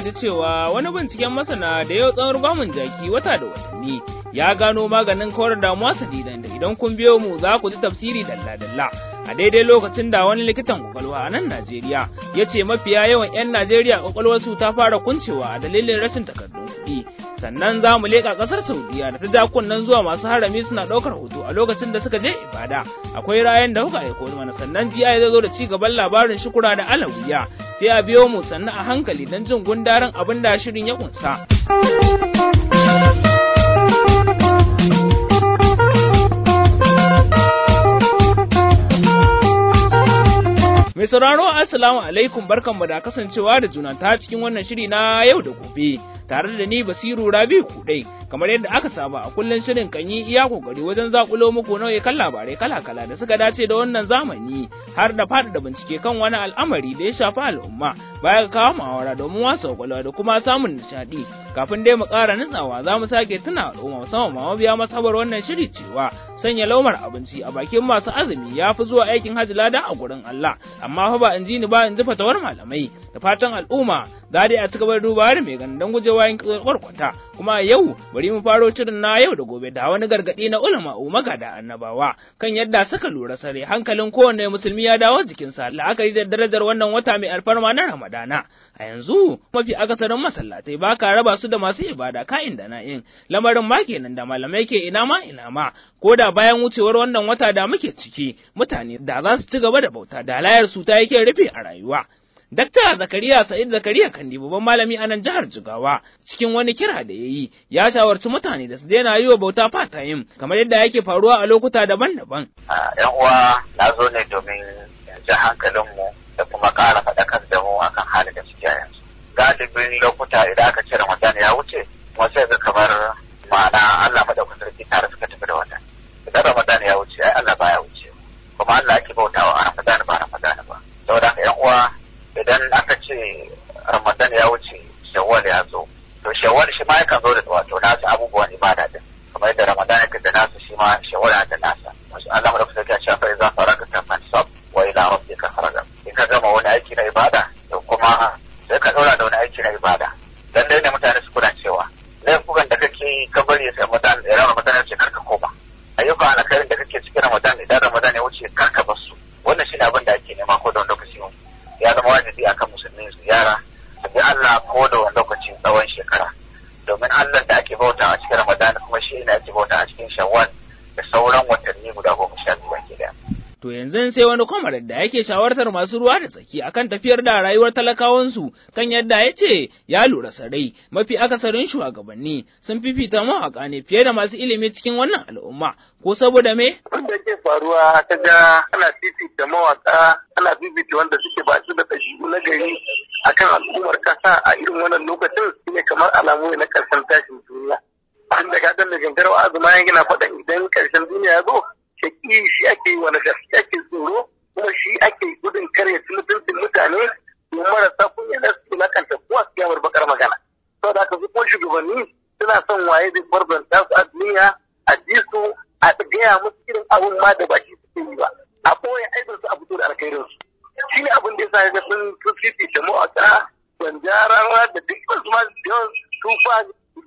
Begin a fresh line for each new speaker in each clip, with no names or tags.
da cewa wani binciken masana da yau tsawon gwamin jaki wata da watanni ya gano maganin kawar damuwa su didan da idan kun biyo mu za ku ji tafsiri dalla-dalla a daidai lokacin da wani likitan kwakwalwa a nan Najeriya ya ce mafiya yawan 'yan Najeriya kwakwalwarsu ta fara kuncewa a dalilin rashin takardun kuɗi. sannan za mu leƙa ƙasar saudiya da ta ja kunnen zuwa masu harami suna ɗaukar hoto a lokacin da suka je ibada akwai rayan da kuka aiko mana sannan ji ya zo da ci gaban labarin shukura da alawiya sai a biyo mu sannan a hankali don jin gundarin abin da shirin ya kunsa. Mai sauraro "Asalamu alaikum barkanmu da kasancewa da juna ta cikin wannan shiri na yau da gobe. tare da ni Basiru Rabi kuɗai. kamar yadda aka saba a kullum shirin kan yi iya kokari wajen zakulo muku nau'ikan labarai kala-kala da suka dace da wannan zamani har da da bincike kan wani al'amari da ya shafi al'umma baya ga kawo mawara domin wasu kwakwalwa da kuma samun nishaɗi kafin dai mu ƙara nutsawa za mu sake tuna al'umma musamman ma mabiya masabar wannan shiri cewa sanya laumar abinci a bakin masu azumi ya fi zuwa aikin hajji lada a gurin Allah amma fa ba in ji ni ba in ji fatawar malamai da fatan al'umma za dai a ci gaba da duba mai ganin don gujewa yin kwarkwata kuma yau bari mu faro cirin na yau da gobe da wani gargaɗi na ulama umaga da annabawa kan yadda suka lura sare hankalin kowane musulmi ya dawo jikinsa la'akari da darajar wannan wata mai alfarma na ramadana a yanzu mafi akasarin masallatai ba ka raba su da masu ibada ka'in da na'in lamarin ma kenan da malamai ke ina ma ina ma ko da bayan wucewar wannan wata da muke ciki mutane da za su ci gaba da bauta da layar su ta yake rufe a rayuwa Dakta Zakariya Sa'id Zakariya Kandi babban malami a nan jihar Jigawa cikin wani kira da ya yi ya shawarci mutane da su daina yi wa bauta fatayin kamar yadda yake faruwa a lokuta daban-daban. Yan uwa na
zo ne domin ji hankalinmu da kuma ƙara kan damu a kan halin da suke yanzu. Galibin lokuta idan aka ce Ramadan ya wuce, wasu yanzu kamar ma'ana Allah madaukakin sarki tare suka tafi da wannan. Idan Ramadan ce
ramadan ya wuce
shawwal ya zo to shawwal shi ma yakan zo da wato nasu abubuwan ibada din kamar yadda ramadan yake da nasu shi ma shawwal da nasa wasu Allah da kusa ya ce fa iza faraka ta fansab wa ila rabbika farga in ka gama wani aiki na ibada to kuma sai ka zauna da wani aiki na ibada dan dai ne mutane su kula cewa laifukan da kake yi ka bari sai
sai wani kwamar da yake shawartar masu ruwa da tsaki akan tafiyar da rayuwar talakawansu kan yadda ya ce ya lura sarai mafi akasarin shugabanni sun fifita mawaƙa ne fiye da masu ilimi cikin wannan al'umma ko saboda me?
Wanda ke faruwa ta ga ana fifita mawaƙa ana fifita wanda suke ba su da ɗabi'u na gari akan al'ummar kasa a irin wannan lokacin ne kamar alamu na ƙarshen tashin duniya. Wanda ka san da gangar wa'azu ma yana faɗa idan ƙarshen duniya ya zo shaƙi eh, shi ake yi wani gaske ake tsoro kuma shi ake gudun karya mutuncin mutane domin marasa kunya na su kanta kuwa a yawar bakar magana. Sau da aka fi kuma shugabanni suna son waye zai barbanta su a duniya a ji su a gaya musu irin abun ma da baki suke yi ba. A ɓoye aibar su a fito da alkhairin su. Shi ne abin da ya sa ya sun sun fifita mawaka banjarawa da duk wasu ma yawan tufa da duk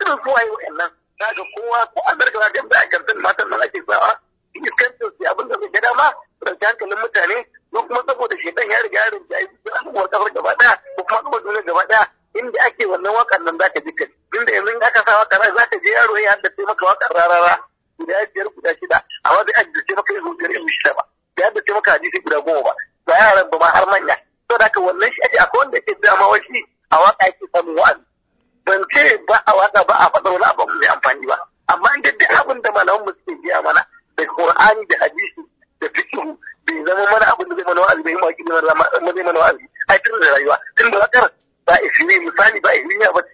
irin su waye wa'annan. ga kowa ko an zarga da yadda a matan nan ake sawa cikin kantin sai abin da bai ga dama rance hankalin mutane ko kuma saboda shedan ya riga ya rinja ya yi abubuwan kafar gaba daya ko kuma kuma duniya gaba daya inda ake wannan wakan nan zaka ji kai inda yanzu in aka sa wakan nan zaka je yaro ya haddace maka wakan rarara guda biyar guda shida amma zai haddace maka izu biyar izu shida ba ya haddace maka hadisi guda goma ba ba yaran ba ma har manya to da haka wannan shi ake akwai wanda yake dama wani a waka yake samun wa'azi ban ce ba a waka ba a faɗa wani abu mai amfani ba amma inda duk abin da malaman mu suke biya mana da Qur'ani da hadisi da fikihu bai zama mana abin da zai mana wa'azi bai maki da mana zai mana wa'azi a tun da rayuwa tun da wakar ba a ne misali ba a ishiri ba ce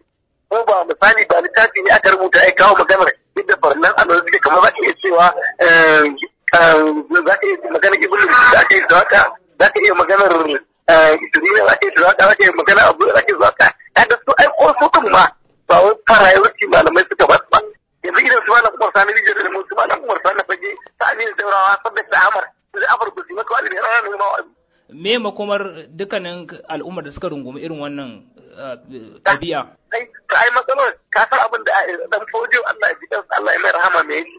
ko ba misali ba littafi ne aka rubuta ai kawo maganar yadda farnan Allah suke kamar za ka iya cewa eh, eh, za ka iya maganar ibn da ake da waka za ka iya maganar eh, isirina za ka iya da waka za ka iya maganar abu za ka iya waka ya da su ai ko su kan ma ba wai fara yawanci malamai suka ba su ba yanzu idan su malam kuma sani rijiyar da mu su malam kuma iya daurawa saboda da'amar da'amar ku ne ranar wa
me makomar dukkanin al'ummar da suka rungumi irin wannan ɗabi'a uh,
Ka ai matsalar ka san abin da eh, dan fojo Allah ya ji Allah ya mai rahama me yi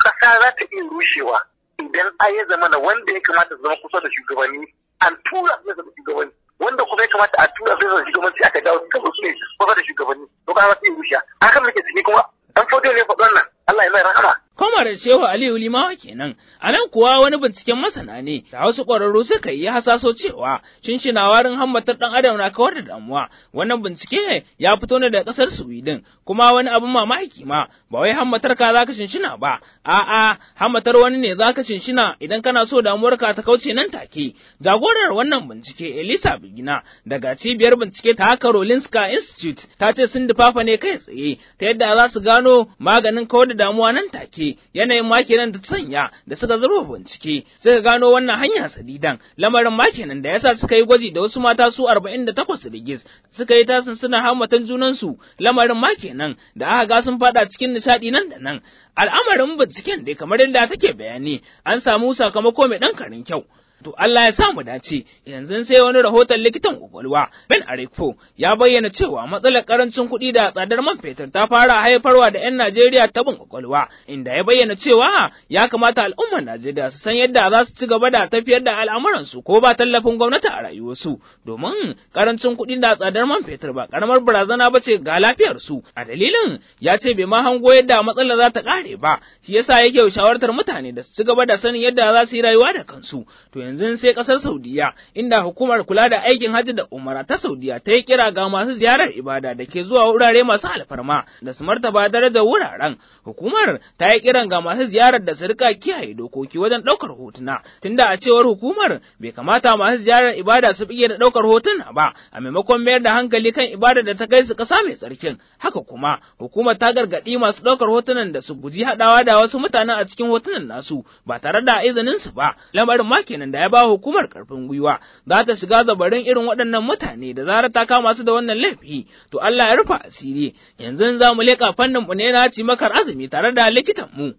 kasa za ta iya rushewa idan ai ya zama na wanda ya kamata zama kusa da shugabanni an tura zai zama shugabanni wanda kuma ya kamata a tura zama da shugabanci aka dawo kan su ne kusa da shugabanni to ka za ta iya rushewa ne faɗon nan Allah rahama
Kwamar Shehu Aliyu Limawa kenan, a nan kuwa wani binciken masana ne da wasu ƙwararru suka yi hasaso cewa shinshina warin hammatar ɗan adam na kawar da damuwa. Wannan bincike ya fito ne daga ƙasar Sweden, kuma wani abin mamaki ma ba wai hammatar ka zaka shinshina ba, a'a hammatar wani ne zaka shinshina idan kana so damuwar ka ta kauce nan take. Jagorar wannan bincike Elisa Bigina daga cibiyar bincike ta Karolinska Institute ta ce sun dufafa ne kai tsaye ta yadda za su gano maganin kawar da damuwa nan take. yanayin makinan da da sanya da suka zaro bincike suka gano wannan hanya sadidan lamarin makinan da yasa suka yi gwaji da wasu mata su 48 rigis suka yi tasin suna hamatan junan su lamarin makinan da aka ga sun fada cikin nishadi nan da nan al'amarin binciken dai kamar yadda take bayani an samu sakamako mai dan karin kyau To Allah ya sa mu dace, yanzu sai wani rahoton likitan kwakwalwa Ben Arekfo ya bayyana cewa matsalar karancin kuɗi da tsadar man fetur ta fara haifarwa da 'yan Najeriya ta bin kwakwalwa, inda ya bayyana cewa ya kamata al'ummar Najeriya su san yadda za su ci gaba da tafiyar da al'amuran su ko ba tallafin gwamnati a rayuwarsu, domin karancin kuɗi da tsadar man fetur ba karamar barazana ba ce ga lafiyarsu. A dalilin ya ce bai ma hango yadda matsalar za ta ƙare ba, shi yasa yake shawartar mutane da su ci gaba da sanin yadda za su yi rayuwa da kansu. To yanzu sai kasar Saudiya inda hukumar kula da aikin hajji da umara ta Saudiya ta yi kira ga masu ziyarar ibada da ke zuwa wurare masu alfarma da su martaba darajar wuraren hukumar ta yi kiran ga masu ziyarar da su rika kiyaye dokoki wajen ɗaukar hotuna tunda a cewar hukumar bai kamata masu ziyarar ibada su bige da ɗaukar hotuna ba a maimakon mayar da hankali kan ibada da ta kai su ƙasa mai tsarkin haka kuma hukumar ta gargaɗi masu ɗaukar hotunan da su guji haɗawa da wasu mutanen a cikin hotunan nasu ba tare da izinin su ba lamarin ma kenan da ya ba hukumar ƙarfin gwiwa za ta shiga zabarin irin waɗannan mutane da zarar ta kama su da wannan laifi to Allah ya rufe asiri yanzu za mu leƙa fannin mu ne na cimakar azumi tare da likitan mu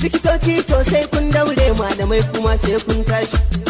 likitoci to sai kun daure malamai kuma sai kun tashi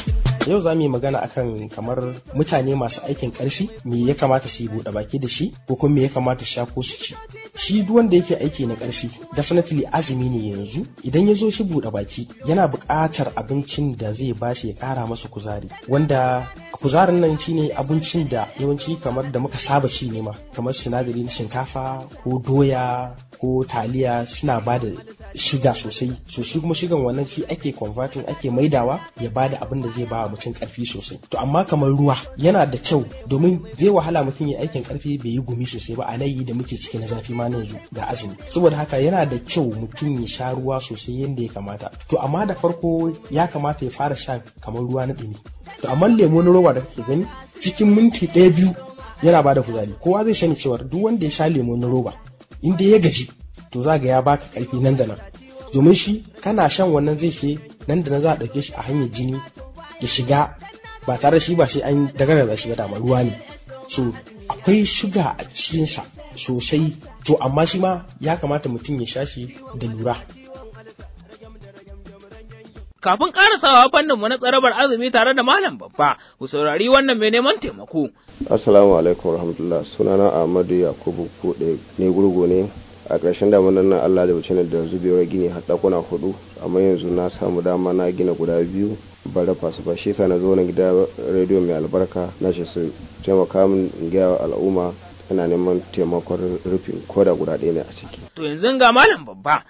Yau za mu yi magana akan kamar mutane masu aikin ƙarfi me ya kamata su yi buɗe baki da shi ko kuma me ya kamata su sha ko su ci. Shi duk wanda yake aiki na karfi definitely azumi ne yanzu idan ya zo shi buɗe baki yana buƙatar abincin da zai ba shi ya ƙara masa kuzari wanda kuzarin nan shine abincin da yawanci kamar da muka saba ci ne ma kamar sinadari na shinkafa ko doya ko taliya suna ba da shiga sosai so shi kuma shigan wannan shi ake converting ake maidawa ya bada abin da zai ba mutum karfi sosai to amma kamar ruwa yana da kyau domin zai wahala mutum ya aikin karfi bai yi gumi sosai ba a da muke ciki na zafi ma nan ga azumi saboda haka yana da kyau mutum ya sha ruwa sosai yadda ya kamata to amma da farko ya kamata ya fara sha kamar ruwa na dumi. to amma lemo na roba da kake gani cikin minti ɗaya biyu yana bada kuzari kowa zai shani cewa duk wanda ya sha lemo na roba inda ya gaji to za ga ya baka karfi nan da nan domin shi kana shan wannan zai ke nan da nan za a ɗauke shi a hanyar jini ya shiga ba tare shi ba shi an da shi ba dama ruwa ne so akwai shuga a sa sosai to amma shi ma ya kamata mutum ya sha shi da lura kafin karasawa fannin
na tsarabar azumi tare da malam babba ku saurari wannan mai neman taimako
assalamu alaikum warahmatullahi sunana ahmadu yakubu kuɗe ne gurgu ne a ƙarshen damunan nan allah da wuce da yanzu gini har ɗakuna hudu amma yanzu na samu dama na gina guda biyu ba fasu ba shi na zo na gida rediyo mai albarka na shi su taimaka min gaya al'umma ana neman taimakon rufin koda da guda ɗaya ne a ciki.
to yanzu ga malam babba.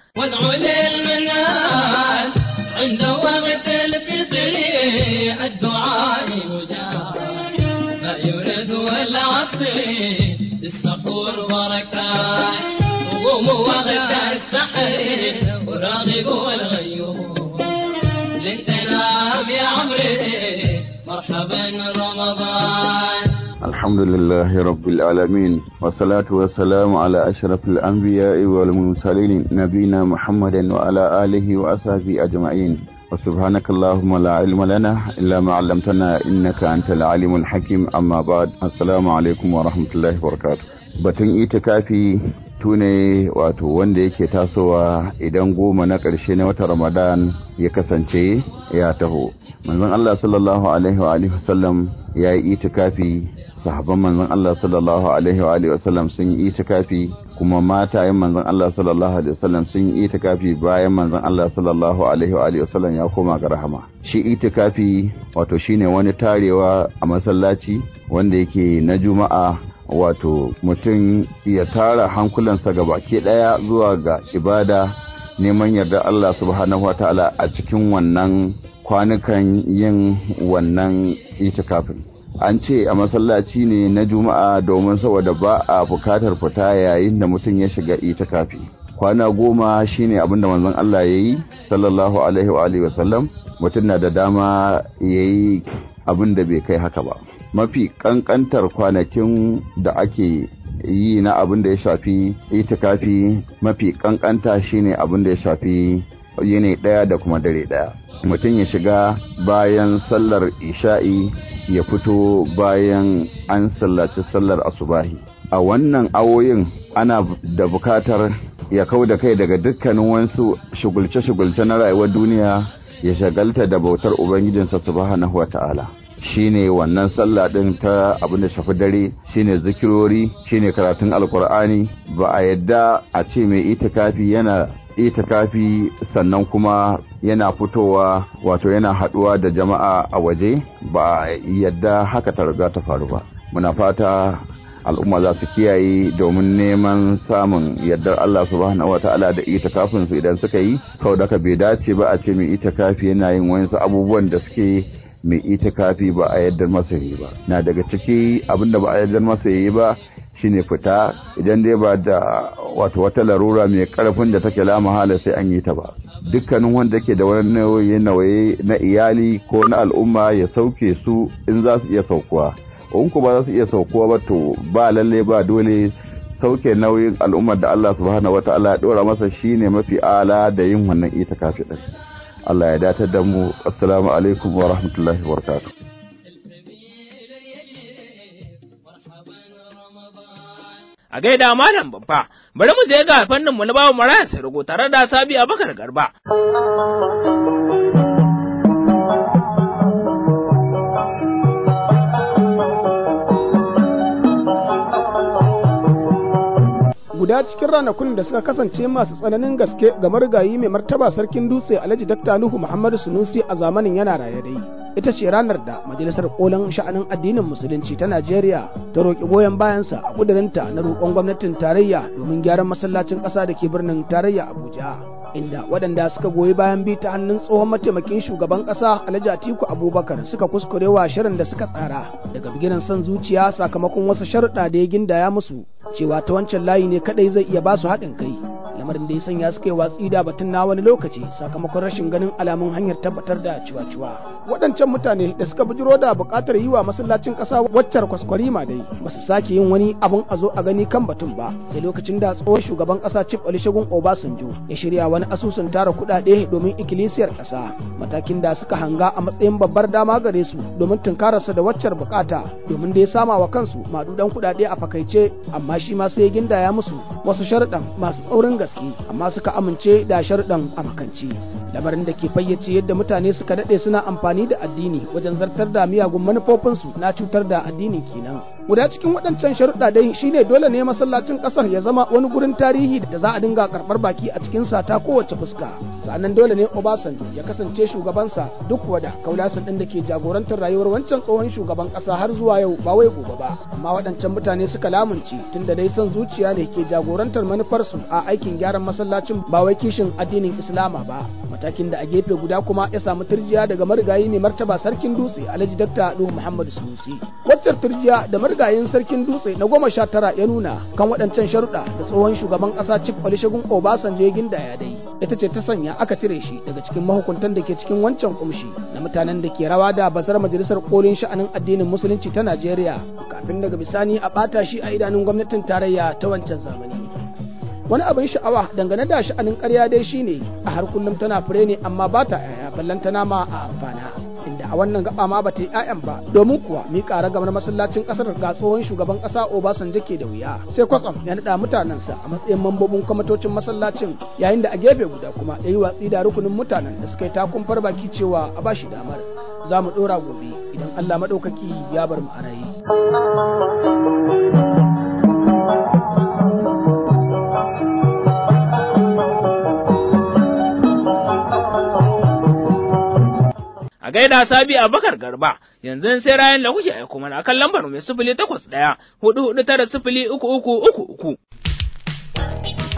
الحمد
لله رب العالمين والصلاة والسلام على أشرف الأنبياء والمرسلين نبينا محمد وعلى آله وأصحابه أجمعين وسبحانك اللهم لا علم لنا إلا ما علمتنا إنك أنت العليم الحكيم أما بعد السلام عليكم ورحمة الله وبركاته batun itikafi tune wato wanda yake tasowa idan goma na ƙarshe na wata ramadan ya kasance ya taho manzon Allah sallallahu alaihi wa alihi wasallam ya yi itikafi sahabban manzon Allah sallallahu alaihi wa alihi wasallam sun yi itikafi kuma yin manzon Allah sallallahu alaihi wasallam sun yi itikafi bayan manzon Allah sallallahu alaihi wa alihi wasallam ya koma ga rahama shi itikafi wato shine wani tarewa a masallaci wanda yake na juma'a wato mutum ya tara hankulansa ga baki ɗaya zuwa ga ibada neman yarda Allah subhanahu wa ta'ala a cikin wannan kwanukan yin wannan itikafin an ce a masallaci ne na juma'a domin saboda ba a bukatar fita yayin da mutum ya shiga itikafi kwana goma shine abinda manzon Allah ya yi sallallahu alaihi wa sallam, mutum na da dama ya yi abin da bai kai haka ba mafi ƙanƙantar kwanakin da ake yi na abin da ya shafi itikafi mafi ƙanƙanta shine abin da ya shafi yini ɗaya da kuma dare ɗaya mutum ya shiga bayan sallar isha'i ya fito bayan an sallaci sallar asubahi a wannan awoyin ana da bukatar ya kau da kai daga dukkanin wasu shugulce-shugulce na rayuwar duniya ya shagalta da bautar ubangijinsa subhanahu wa ta'ala shine wannan sallah din ta abin da shafi dare shine zikirori shine karatun alkur'ani ba a yadda a ce mai itikafi yana itikafi sannan kuma yana fitowa wato yana haɗuwa da jama'a a waje ba a yadda haka ta riga ta faru ba muna fata al'umma za su kiyaye domin neman samun yardar Allah subhanahu wata'ala da itikafin su idan suka yi kau daga bai dace ba a ce mai itikafi yana yin wayansu abubuwan da suke mai kafi ba a yadda masa yi ba na daga ciki abin da ba a yadda masa yi ba shine fita idan dai ba da wato wata larura mai karfin da take lama hala sai an yi ta ba dukkanin wanda ke da wani nauyi nawaye na iyali ko na al'umma ya sauke su in za su iya saukuwa in ku ba za su iya saukuwa ba to ba lalle ba dole sauke nauyin al'ummar da Allah subhanahu wataala ya dora masa shine mafi ala da yin wannan itikafi din Allah ya datar da mu assalamu alaikum wa rahmatullahi wa barakatuh
a gaida malam babba bari mu je ga fannin mu na bawa maraya sarugo tare da sabi abakar garba
guda cikin ranakun da suka kasance masu tsananin gaske ga marigayi mai martaba sarkin dutse alhaji dakta nuhu muhammadu sunusi a zamanin yana raye dai ita ce ranar da majalisar kolon sha'anin addinin musulunci ta najeriya ta roƙi goyon bayansa a ƙudurinta na roƙon gwamnatin tarayya domin gyaran masallacin ƙasa da ke birnin tarayya abuja inda waɗanda suka goyi bayan bi ta hannun tsohon mataimakin shugaban ƙasa alhaji atiku abubakar suka kuskurewa shirin da suka tsara daga bigiran son zuciya sakamakon wasu sharuɗa da ya gindaya musu cewa ta wancan layi ne kadai zai iya ba su haɗin kai lamarin da ya sanya suka watsi da batun na wani lokaci sakamakon rashin ganin alamun hanyar tabbatar da ciwa-ciwa waɗancan mutane da suka bijiro da buƙatar yi wa masallacin ƙasa waccar kwaskwarima dai ba su sake yin wani abun a zo a gani kan batun ba sai lokacin da tsohon shugaban ƙasa chief olusegun obasanjo ya shirya wani asusun tara kuɗaɗe domin ikilisiyar ƙasa matakin da suka hanga a matsayin babbar dama gare su domin tunkararsa da waccar buƙata domin da ya sama wa kansu madudan kuɗaɗe a fakaice amma shi ma sai ya gindaya musu wasu sharɗan masu tsaurin gaske ciki amma suka amince da sharɗan a makanci labarin da ke fayyace yadda mutane suka daɗe suna amfani da addini wajen zartar da miyagun manufofinsu na cutar da addinin kenan guda cikin waɗancan sharuɗa dai shine dole ne masallacin ƙasar ya zama wani gurin tarihi da za a dinga karɓar baki a cikin sa ta kowace fuska sannan dole ne Obasanjo ya kasance shugabansa duk wada kaulasan ɗin da ke jagorantar rayuwar wancan tsohon shugaban ƙasa har zuwa yau ba wai gobe ba amma waɗancan mutane suka lamunci tunda dai son zuciya ne ke jagorantar manufarsu a aikin gyaran masallacin ba wai kishin addinin Islama ba matakin da a gefe guda kuma ya samu turjiya daga marigayi ne martaba sarkin dutse Alhaji Dr. Nuhu Muhammadu Sunusi wacce turjiya da marigayin sarkin dutse na goma sha tara ya nuna kan waɗancan sharuɗa da tsohon shugaban ƙasa cik olishegun obasanjo ya gindaya dai ita ce ta sanya aka cire shi daga cikin mahukuntan da ke cikin wancan kumshi na mutanen da ke rawa da basar majalisar kolin sha'anin addinin musulunci ta najeriya kafin daga bisani a ɓata shi a idanun gwamnatin tarayya ta wancan zamani wani abin sha'awa dangane da sha'anin karya dai shine a har kullum tana fure ne amma ba ta 'ya'ya ta nama a amfana inda a wannan gaba ma ba ta yi ƴaƴan ba domin kuwa mi ƙara gamar masallacin ƙasar ga tsohon shugaban ƙasa Obasanjo ke da wuya sai kwatsam ya naɗa mutanensa a matsayin mambobin kwamitocin masallacin yayin da a gefe guda kuma ya yi watsi da rukunin mutanen da suka yi takun baki cewa a bashi damar za mu ɗora gobe idan Allah maɗaukaki ya bar mu a raye.
a gaida sabi bakar garba yanzu sai rayan da kuke aiko mana akan lambar mai sifili takwas ɗaya hudu hudu tara sifili uku uku uku uku.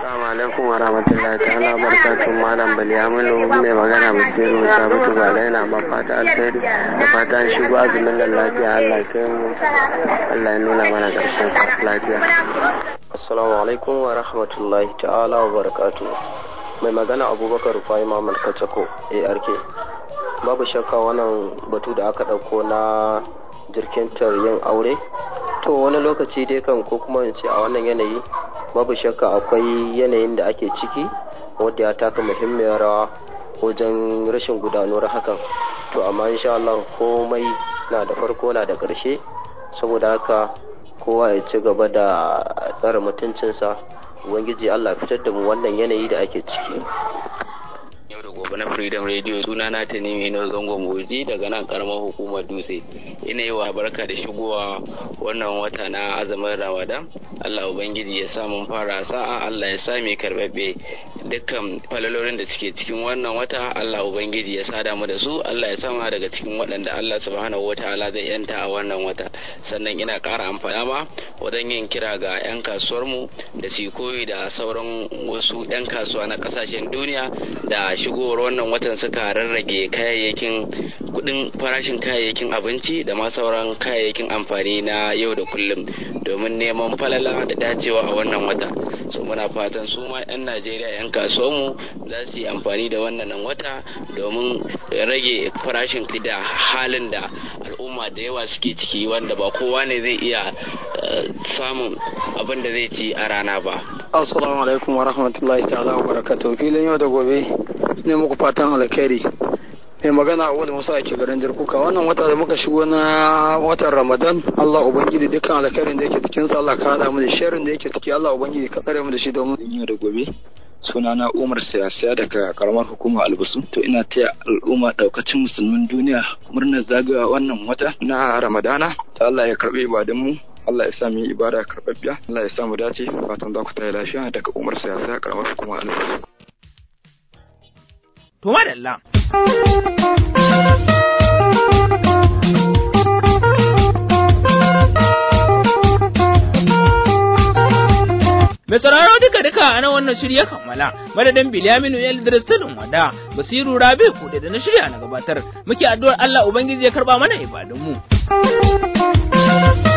Assalamu alaikum wa rahmatullahi
ta'ala tun malam
Bilyamulu mai magana Basiru Sabitu ba laila ma fata alfahari da fata an shigo azumin da lafiya Allah kai mu Allah ya nuna mana karshen lafiya. Assalamu alaikum wa rahmatullahi ta'ala wa barakatuh. Mai magana Abubakar Faima Malkatako ARK. babu shakka wannan batu da aka ɗauko na jirkintar yin aure to wani lokaci dai kan ko kuma ce a wannan yanayi babu shakka akwai yanayin da ake ciki wadda ya taka muhimmiyar rawa wajen rashin gudanuwar hakan to amma insha Allah komai na da farko na da ƙarshe saboda haka kowa ya ci gaba da tsara mutuncinsa ubangiji Allah fitar da mu wannan yanayi da ake ciki gobe na Freedom Radio suna na ta na zango moji daga nan karamar hukumar dutse. Ina yi wa barka da shigowa wannan wata na azumin Ramadan. Allah Ubangiji ya sa mun fara sa'a Allah ya sa mai karbabbe dukkan falalolin da suke cikin wannan wata Allah Ubangiji ya sada mu da su Allah ya sama daga cikin waɗanda Allah subhanahu wa ta'ala zai yanta a wannan wata. Sannan ina kara amfana ma wajen yin kira ga 'yan kasuwar mu da su koyi da sauran wasu 'yan kasuwa na kasashen duniya da shigo shigowar wannan watan suka rarrage kayayyakin kudin farashin kayayyakin abinci da ma sauran kayayyakin amfani na yau da kullum domin neman falala da dacewa a wannan wata so muna fatan su ma 'yan najeriya 'yan kasuwanmu za su yi amfani da wannan wata domin rage farashin da halin da al'umma da yawa suke ciki wanda ba kowa ne zai iya eh, samun abin da zai ci a rana ba
assalamu alaikum wa rahmatullahi ta'ala wa barakatuh filin yau da gobe ne muku fatan alkhairi mai magana a wani musa ke garin jirkuka wannan wata da muka shigo na watan ramadan allah ubangiji dukkan alkhairin da yake cikin sa allah ka hada mu da
da yake ciki allah ubangiji ka tsare mu da shi domin yau da gobe sunana umar siyasa daga karamar hukumar albusu to ina taya al'umma daukacin musulmin duniya murnar zagawa wannan wata na ramadana ta allah ya karbe ibadun mu Allah ya sa mu yi ibada karɓaɓɓiya Allah ya sa mu dace fatan za ku yi lafiya daga Umar Siyasa karamar hukumar albusu.
To madalla. Mai sauraro duka duka a nan wannan shirya kammala madadin Bilyaminu El Dristilin Wada Basiru Rabi kuɗe da na shirya na gabatar muke addu'ar Allah Ubangiji ya karɓa mana ibadunmu.
mu.